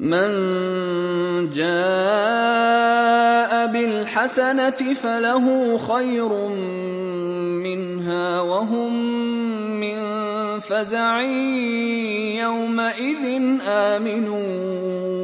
من جاء بالحسنة فله خير منها وهم من فزع يومئذ آمنون